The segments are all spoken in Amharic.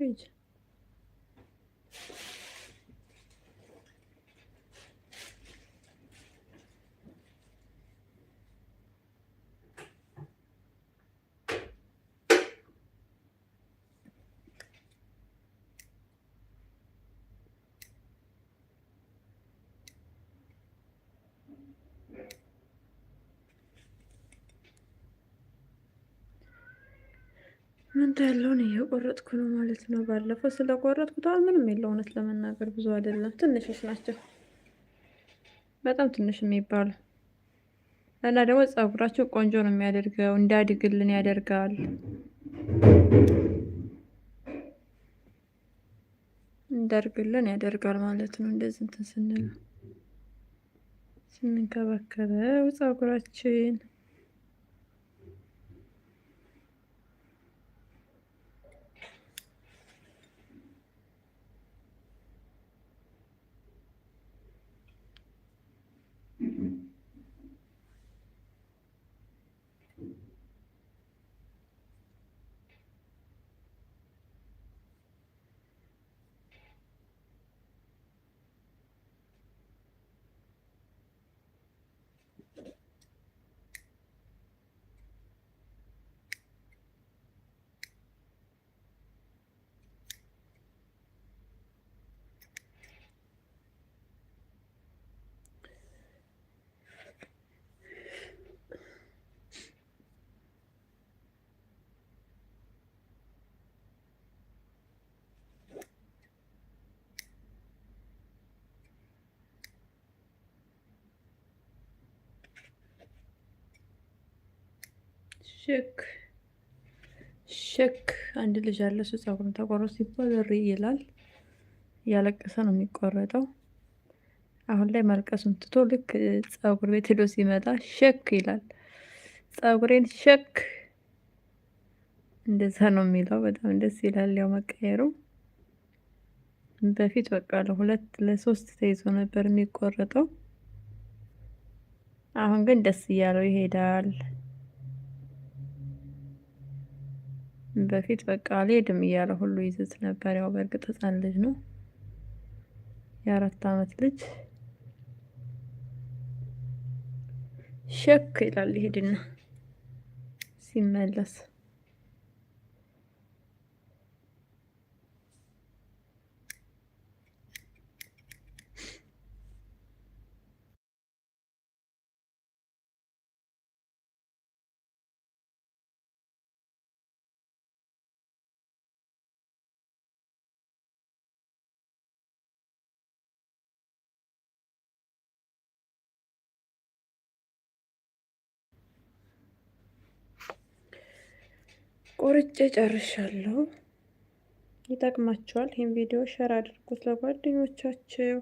page. ምንታ ያለውን እየቆረጥኩ ነው ማለት ነው። ባለፈው ስለቆረጥኩት ምንም የለው እውነት ለመናገር ብዙ አይደለም፣ ትንሾች ናቸው፣ በጣም ትንሽ የሚባሉ እና ደግሞ ጸጉራቸው ቆንጆ ነው የሚያደርገው፣ እንዳድግልን ያደርጋል። እንዳድግልን ያደርጋል ማለት ነው። እንደዚህ እንትን ስንል ስንንከባከበው ጸጉራችን ሽክ ሽክ አንድ ልጅ አለ። እሱ ጸጉሩን ተቆርጦ ሲባል እሪ ይላል። እያለቀሰ ነው የሚቆረጠው። አሁን ላይ መልቀሱን ትቶ ልክ ጸጉር ቤት ሄዶ ሲመጣ ሸክ ይላል። ጸጉሬን ሸክ እንደዛ ነው የሚለው። በጣም ደስ ይላል። ያው መቀየሩ በፊት በቃ ለሁለት ለሶስት ተይዞ ነበር የሚቆረጠው። አሁን ግን ደስ እያለው ይሄዳል። በፊት በቃ አልሄድም እያለ ሁሉ ይዝት ነበር። ያው በእርግጥ ህፃን ልጅ ነው፣ የአራት አመት ልጅ ሸክ ይላል ይሄድና ሲመለስ ቆርጬ ጨርሻለሁ። ይጠቅማቸዋል። ይህን ቪዲዮ ሸር አድርጉት ለጓደኞቻቸው።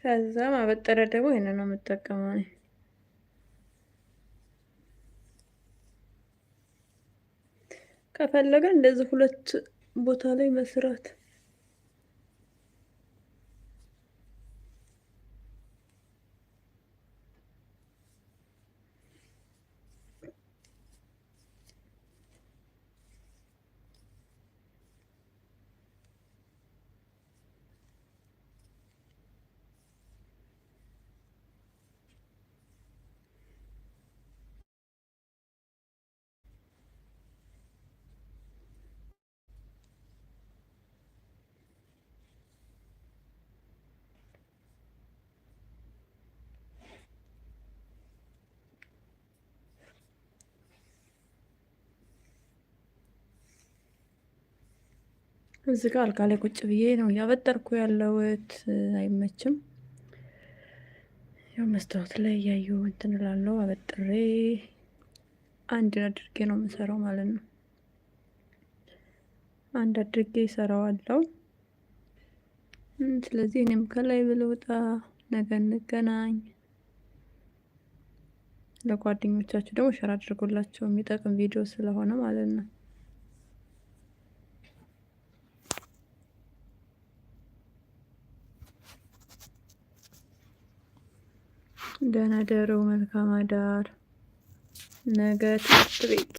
ከዛ ማበጠረ ደግሞ ይህን ነው የምጠቀመው እኔ ከፈለገ እንደዚህ ሁለት ቦታ ላይ መስራት እዚህ ጋር አልጋ ላይ ቁጭ ብዬ ነው እያበጠርኩ ያለሁት። አይመችም። ያው መስታወት ላይ እያየሁ እንትን እላለሁ። አበጥሬ አንድ አድርጌ ነው የምሰራው ማለት ነው። አንድ አድርጌ ይሰራዋለው። ስለዚህ እኔም ከላይ ብልውጣ ነገ እንገናኝ። ለጓደኞቻችሁ ደግሞ ሸር አድርጎላቸው የሚጠቅም ቪዲዮ ስለሆነ ማለት ነው። ደህና ደሩ። መልካም አዳር። ነገ ትምህርት ቤት